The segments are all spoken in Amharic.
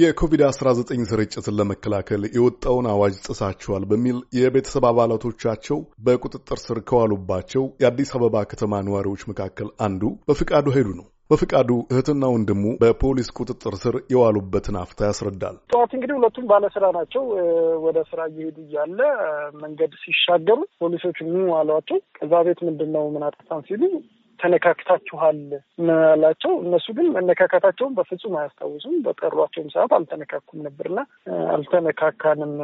የኮቪድ-19 ስርጭትን ለመከላከል የወጣውን አዋጅ ጥሳቸዋል በሚል የቤተሰብ አባላቶቻቸው በቁጥጥር ስር ከዋሉባቸው የአዲስ አበባ ከተማ ነዋሪዎች መካከል አንዱ በፍቃዱ ኃይሉ ነው። በፍቃዱ እህትና ወንድሙ በፖሊስ ቁጥጥር ስር የዋሉበትን አፍታ ያስረዳል። ጠዋት እንግዲህ ሁለቱም ባለስራ ናቸው። ወደ ስራ እየሄዱ እያለ መንገድ ሲሻገሩ ፖሊሶች ኑ አሏቸው። ከዛ ቤት ምንድን ነው ምን አጠፋን ሲሉ ተነካክታችኋል ምናላቸው። እነሱ ግን መነካካታቸውን በፍጹም አያስታውሱም። በጠሯቸውም ሰዓት አልተነካኩም ነበርና አልተነካካንም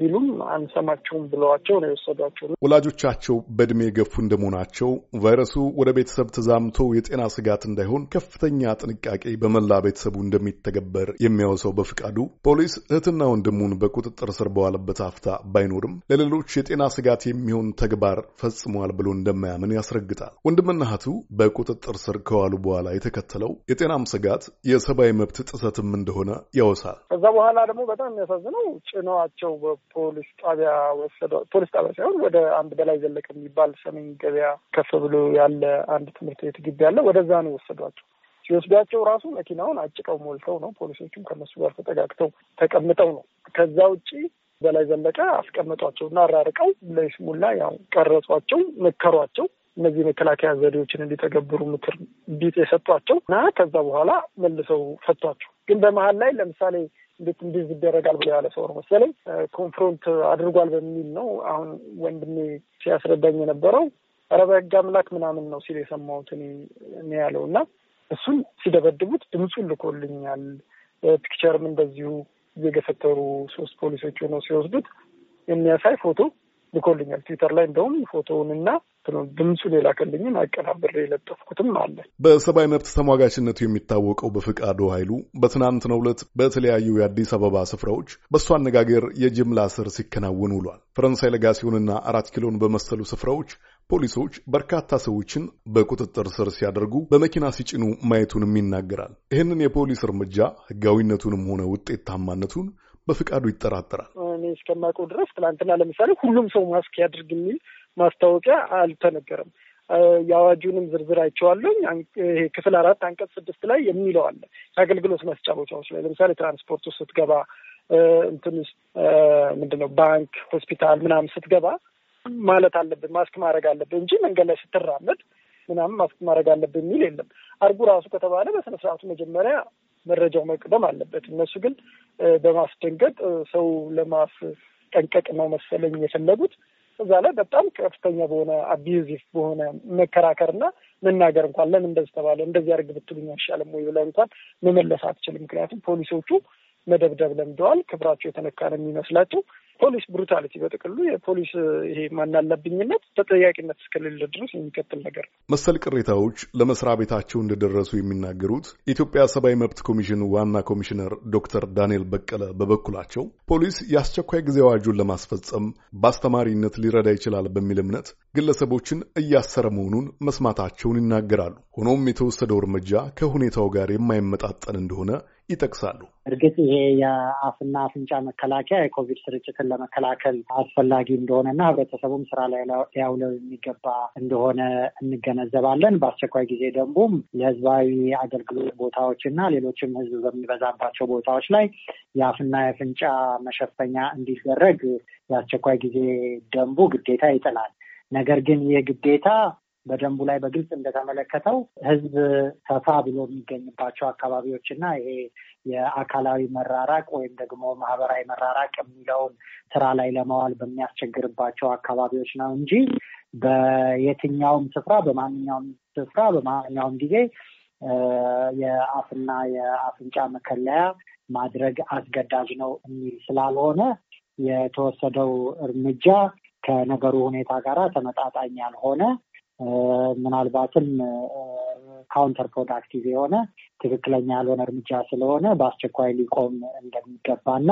ቢሉም አንሰማቸውም ብለዋቸው ነው የወሰዷቸው። ወላጆቻቸው በእድሜ የገፉ እንደመሆናቸው ቫይረሱ ወደ ቤተሰብ ተዛምቶ የጤና ስጋት እንዳይሆን ከፍተኛ ጥንቃቄ በመላ ቤተሰቡ እንደሚተገበር የሚያወሰው በፍቃዱ ፖሊስ እህትና ወንድሙን በቁጥጥር ስር በዋለበት አፍታ ባይኖርም ለሌሎች የጤና ስጋት የሚሆን ተግባር ፈጽሟል ብሎ እንደማያምን ያስረግጣል። ወንድምና እህቱ በቁጥጥር ስር ከዋሉ በኋላ የተከተለው የጤናም ስጋት የሰብአዊ መብት ጥሰትም እንደሆነ ያወሳል። ከዛ በኋላ ደግሞ በጣም የሚያሳዝነው ጭነዋቸው በፖሊስ ጣቢያ ወሰደ። ፖሊስ ጣቢያ ሳይሆን ወደ አንድ በላይ ዘለቀ የሚባል ሰሜን ገበያ ከፍ ብሎ ያለ አንድ ትምህርት ቤት ግቢ ያለ ወደዛ ነው ወሰዷቸው። ሲወስዷቸው ራሱ መኪናውን አጭቀው ሞልተው ነው። ፖሊሶቹም ከነሱ ጋር ተጠጋግተው ተቀምጠው ነው። ከዛ ውጪ በላይ ዘለቀ አስቀምጧቸው እና አራርቀው ለይስሙላ ያው ቀረጿቸው፣ መከሯቸው። እነዚህ የመከላከያ ዘዴዎችን እንዲተገብሩ ምክር ቢት የሰጧቸው እና ከዛ በኋላ መልሰው ፈቷቸው። ግን በመሀል ላይ ለምሳሌ እንዴት እንዲዝ ይደረጋል ብሎ ያለ ሰው ነው መሰለኝ ኮንፍሮንት አድርጓል በሚል ነው አሁን ወንድሜ ሲያስረዳኝ የነበረው ኧረ በሕግ አምላክ ምናምን ነው ሲል የሰማሁት እኔ ያለው እና እሱን ሲደበድቡት ድምፁን ልኮልኛል። ፒክቸርም እንደዚሁ እየገፈተሩ ሶስት ፖሊሶች ሆነው ሲወስዱት የሚያሳይ ፎቶ ልኮልኛል። ትዊተር ላይ እንደውም ፎቶውንና ድምፁን የላከልኝን አቀናብሬ የለጠፍኩትም አለ። በሰብአዊ መብት ተሟጋችነቱ የሚታወቀው በፍቃዱ ኃይሉ በትናንትናው ዕለት በተለያዩ የአዲስ አበባ ስፍራዎች በእሱ አነጋገር የጅምላ እስር ሲከናወን ውሏል። ፈረንሳይ ለጋሲዮንና አራት ኪሎን በመሰሉ ስፍራዎች ፖሊሶች በርካታ ሰዎችን በቁጥጥር ስር ሲያደርጉ በመኪና ሲጭኑ ማየቱንም ይናገራል። ይህንን የፖሊስ እርምጃ ሕጋዊነቱንም ሆነ ውጤታማነቱን በፍቃዱ ይጠራጠራል። እኔ እስከማውቀው ድረስ ትናንትና ለምሳሌ ሁሉም ሰው ማስክ ያድርግ የሚል ማስታወቂያ አልተነገረም። የአዋጁንም ዝርዝር አይቼዋለሁኝ። ይሄ ክፍል አራት አንቀጽ ስድስት ላይ የሚለው አለ። የአገልግሎት መስጫ ቦታዎች ላይ ለምሳሌ ትራንስፖርት ውስጥ ስትገባ እንትን ውስጥ ምንድን ነው ባንክ፣ ሆስፒታል ምናምን ስትገባ ማለት አለብን ማስክ ማድረግ አለብን እንጂ መንገድ ላይ ስትራመድ ምናምን ማስክ ማድረግ አለብን የሚል የለም። አርጉ ራሱ ከተባለ በስነስርዓቱ መጀመሪያ መረጃው መቅደም አለበት። እነሱ ግን በማስደንገጥ ሰው ለማስጠንቀቅ ነው መሰለኝ የፈለጉት። እዛ ላይ በጣም ከፍተኛ በሆነ አቢዩዚቭ በሆነ እና መናገር እንኳን ለምን እንደዚህ ተባለ እንደዚህ አድርግ ብትሉኝ አይሻልም ወይ ብለህ እንኳን መመለስ አትችልም። ምክንያቱም ፖሊሶቹ መደብደብ ለምደዋል። ክብራቸው የተነካ ነው የሚመስላቸው። ፖሊስ ብሩታሊቲ በጥቅሉ የፖሊስ ይሄ ማናለብኝነት ተጠያቂነት እስከሌለ ድረስ የሚቀጥል ነገር ነው። መሰል ቅሬታዎች ለመስሪያ ቤታቸው እንደደረሱ የሚናገሩት የኢትዮጵያ ሰብአዊ መብት ኮሚሽን ዋና ኮሚሽነር ዶክተር ዳንኤል በቀለ በበኩላቸው ፖሊስ የአስቸኳይ ጊዜ አዋጁን ለማስፈጸም በአስተማሪነት ሊረዳ ይችላል በሚል እምነት ግለሰቦችን እያሰረ መሆኑን መስማታቸውን ይናገራሉ። ሆኖም የተወሰደው እርምጃ ከሁኔታው ጋር የማይመጣጠን እንደሆነ ይጠቅሳሉ። እርግጥ ይሄ የአፍና አፍንጫ መከላከያ የኮቪድ ስርጭት ራስን ለመከላከል አስፈላጊ እንደሆነና ህብረተሰቡም ስራ ላይ ሊያውለው የሚገባ እንደሆነ እንገነዘባለን። በአስቸኳይ ጊዜ ደንቡም ለህዝባዊ አገልግሎት ቦታዎች እና ሌሎችም ህዝብ በሚበዛባቸው ቦታዎች ላይ የአፍና የፍንጫ መሸፈኛ እንዲደረግ የአስቸኳይ ጊዜ ደንቡ ግዴታ ይጥላል። ነገር ግን ይህ ግዴታ በደንቡ ላይ በግልጽ እንደተመለከተው ህዝብ ሰፋ ብሎ የሚገኝባቸው አካባቢዎች እና ይሄ የአካላዊ መራራቅ ወይም ደግሞ ማህበራዊ መራራቅ የሚለውን ስራ ላይ ለማዋል በሚያስቸግርባቸው አካባቢዎች ነው እንጂ በየትኛውም ስፍራ በማንኛውም ስፍራ በማንኛውም ጊዜ የአፍና የአፍንጫ መከለያ ማድረግ አስገዳጅ ነው የሚል ስላልሆነ የተወሰደው እርምጃ ከነገሩ ሁኔታ ጋር ተመጣጣኝ ያልሆነ ምናልባትም ካውንተር ፕሮዳክቲቭ የሆነ ትክክለኛ ያልሆነ እርምጃ ስለሆነ በአስቸኳይ ሊቆም እንደሚገባና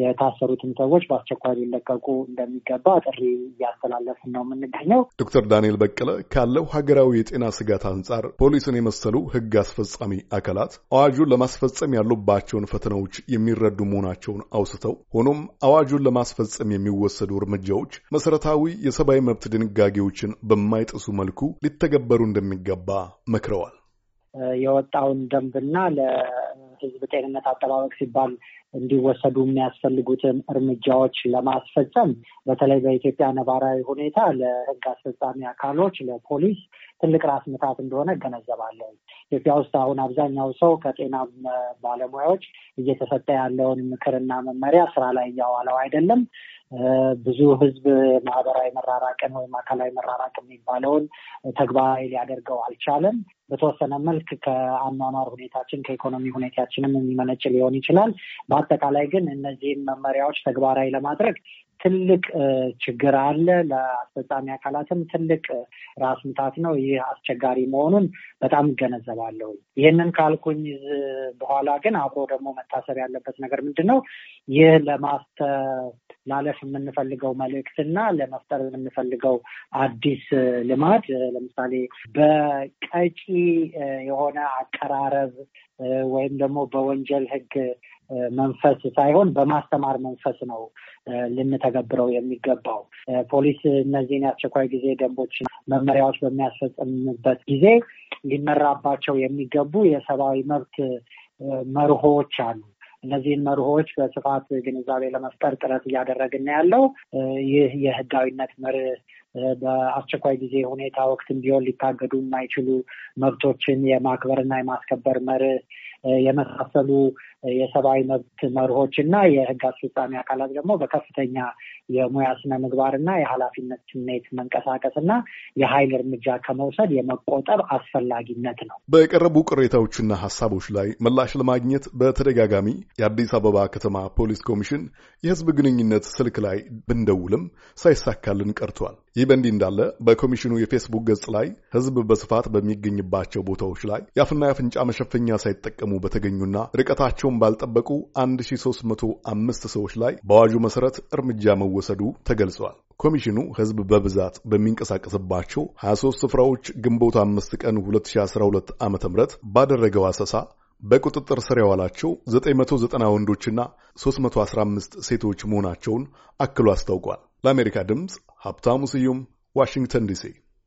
የታሰሩትም ሰዎች በአስቸኳይ ሊለቀቁ እንደሚገባ ጥሪ እያስተላለፍን ነው የምንገኘው። ዶክተር ዳንኤል በቀለ ካለው ሀገራዊ የጤና ስጋት አንጻር ፖሊስን የመሰሉ ህግ አስፈጻሚ አካላት አዋጁን ለማስፈጸም ያሉባቸውን ፈተናዎች የሚረዱ መሆናቸውን አውስተው ሆኖም አዋጁን ለማስፈጸም የሚወሰዱ እርምጃዎች መሰረታዊ የሰብአዊ መብት ድንጋጌዎችን በማይጥሱ መልኩ ሊተገበሩ እንደሚገባ መክረዋል። የወጣውን ደንብና ለህዝብ ጤንነት አጠባበቅ ሲባል እንዲወሰዱ የሚያስፈልጉትን እርምጃዎች ለማስፈጸም በተለይ በኢትዮጵያ ነባራዊ ሁኔታ ለሕግ አስፈጻሚ አካሎች ለፖሊስ ትልቅ ራስ ምታት እንደሆነ እገነዘባለሁ። ኢትዮጵያ ውስጥ አሁን አብዛኛው ሰው ከጤና ባለሙያዎች እየተሰጠ ያለውን ምክርና መመሪያ ስራ ላይ እያዋለው አይደለም። ብዙ ህዝብ ማህበራዊ መራራቅን ወይም አካላዊ መራራቅ የሚባለውን ተግባራዊ ሊያደርገው አልቻለም። በተወሰነ መልክ ከአኗኗር ሁኔታችን ከኢኮኖሚ ሁኔታችንም የሚመነጭ ሊሆን ይችላል። በአጠቃላይ ግን እነዚህን መመሪያዎች ተግባራዊ ለማድረግ ትልቅ ችግር አለ። ለአስፈጻሚ አካላትም ትልቅ ራስ ምታት ነው። ይህ አስቸጋሪ መሆኑን በጣም እገነዘባለሁ። ይህንን ካልኩኝ በኋላ ግን አብሮ ደግሞ መታሰብ ያለበት ነገር ምንድን ነው? ይህ ለማስተላለፍ የምንፈልገው እና ለመፍጠር የምንፈልገው አዲስ ልማድ ለምሳሌ በቀጪ የሆነ አቀራረብ ወይም ደግሞ በወንጀል ሕግ መንፈስ ሳይሆን በማስተማር መንፈስ ነው ልንተገብረው የሚገባው። ፖሊስ እነዚህን የአስቸኳይ ጊዜ ደንቦች፣ መመሪያዎች በሚያስፈጽምበት ጊዜ ሊመራባቸው የሚገቡ የሰብአዊ መብት መርሆዎች አሉ። እነዚህን መርሆዎች በስፋት ግንዛቤ ለመፍጠር ጥረት እያደረግን ያለው ይህ የህጋዊነት መርህ በአስቸኳይ ጊዜ ሁኔታ ወቅትም ቢሆን ሊታገዱ የማይችሉ መብቶችን የማክበርና የማስከበር መርህ የመሳሰሉ የሰብአዊ መብት መርሆች እና የህግ አስፈጻሚ አካላት ደግሞ በከፍተኛ የሙያ ስነ ምግባር እና የኃላፊነት ስሜት መንቀሳቀስ እና የኃይል እርምጃ ከመውሰድ የመቆጠብ አስፈላጊነት ነው። በቀረቡ ቅሬታዎችና ሀሳቦች ላይ ምላሽ ለማግኘት በተደጋጋሚ የአዲስ አበባ ከተማ ፖሊስ ኮሚሽን የህዝብ ግንኙነት ስልክ ላይ ብንደውልም ሳይሳካልን ቀርቷል። ይህ በእንዲህ እንዳለ በኮሚሽኑ የፌስቡክ ገጽ ላይ ህዝብ በስፋት በሚገኝባቸው ቦታዎች ላይ የአፍና የአፍንጫ መሸፈኛ ሳይጠቀሙ በተገኙና ርቀታቸው ጊዜውን ባልጠበቁ 1305 ሰዎች ላይ በአዋጁ መሠረት እርምጃ መወሰዱ ተገልጿል። ኮሚሽኑ ሕዝብ በብዛት በሚንቀሳቀስባቸው 23 ስፍራዎች ግንቦት 5 ቀን 2012 ዓ ም ባደረገው አሰሳ በቁጥጥር ስር የዋላቸው 990 ወንዶችና 315 ሴቶች መሆናቸውን አክሎ አስታውቋል። ለአሜሪካ ድምፅ ሀብታሙ ስዩም ዋሽንግተን ዲሲ